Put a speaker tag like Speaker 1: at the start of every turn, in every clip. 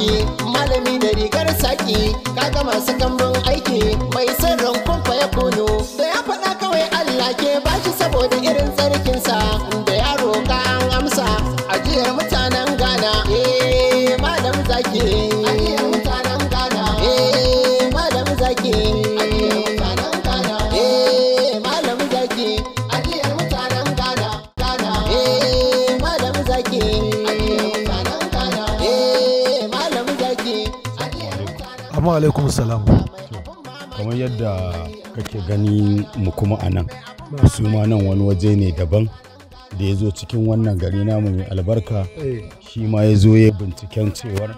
Speaker 1: aiki malami da rigar saki kaga masu kambun aiki
Speaker 2: Assalamu alaikum salam kamar yadda kake gani mu kuma a nan su ma nan wani waje ne daban da ya zo cikin wannan gari namu mai albarka eh. shi ma ya zo ya binciken cewar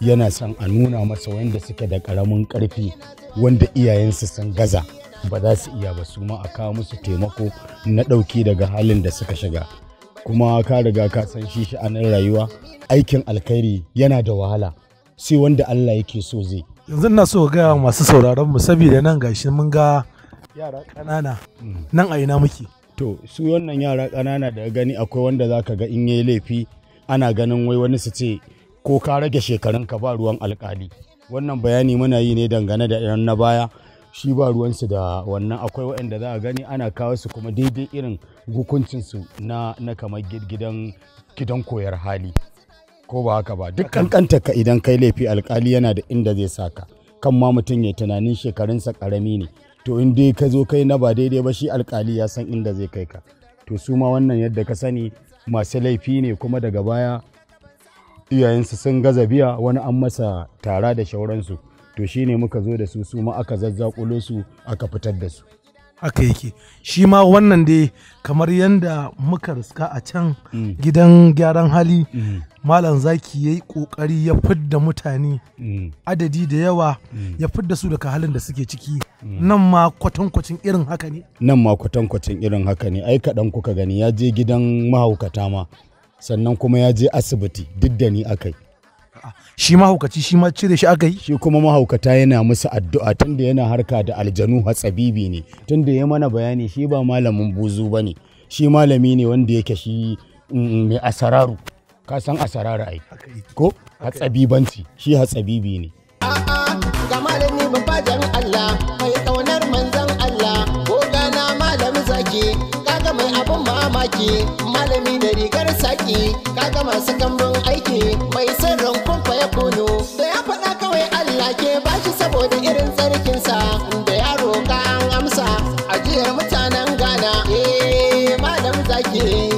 Speaker 2: yana son a nuna masa wanda suke da karamin karfi wanda iyayensu sun gaza ba za su iya ba su ma a kawo musu taimako na ɗauki daga halin da suka shiga kuma ka riga ka san shi shi nan rayuwa aikin alkhairi yana da wahala sai wanda Allah yake so zai yanzu ina so gaya masu sauraron mu saboda nan gashi mun ga yara ƙanana mm. nan a ina muke to su wannan yara ƙanana da gani akwai wanda zaka ga in yayi laifi ana ganin wai wani su ce ko ka rage shekarun ka ba ruwan alkali wannan bayani muna yi ne dangane da irin na baya shi ba ruwansu da wannan akwai waɗanda za a gani ana kawo su kuma daidai irin hukuncinsu na kamar gidan koyar hali ko ba haka ba duk kankanta ka idan kai laifi alkali yana da inda zai saka kan ma mutum ya tunanin shekarunsa karami ne to in dai ka zo kai na ba daidai ba shi alkali ya san inda zai kai ka to su ma wannan yadda ka sani masu laifi ne kuma daga baya iyayensu sun gaza biya wani an masa tara da shauransu to shine muka zo da su su ma aka zazzakulo su aka fitar da su haka yake shi ma wannan dai kamar yadda muka riska a can mm. gidan gyaran hali mm. malam zaki ya yi kokari ya fidda mutane mm. adadi da yawa ya fidda su daga halin da suke ciki nan ma kwatankwacin irin haka ne nan ma kwatankwacin irin haka ne ai kaɗan kuka gani ya je gidan mahaukata ma sannan kuma ya je asibiti duk da ni akai shi mahaukaci shi ma cire shi aka yi shi kuma mahaukata yana musu addu'a tunda yana harka da aljanu hatsabibi ne tunda ya mana bayani shi ba malamin buzu ba ne shi malami ne wanda yake shi mm, mm, mai asararu ka san asararu ai ko hatsabibanci shi hatsabibi ne
Speaker 1: a'a ga malami Allah mai Allah gana zaki mai abun mamaki malami da rigar saki kaga masu kambun aiki mai ke ba shi saboda irin tsarkinsa da yaro roƙa amsa ajiyar mutanen gana, eh malam zaki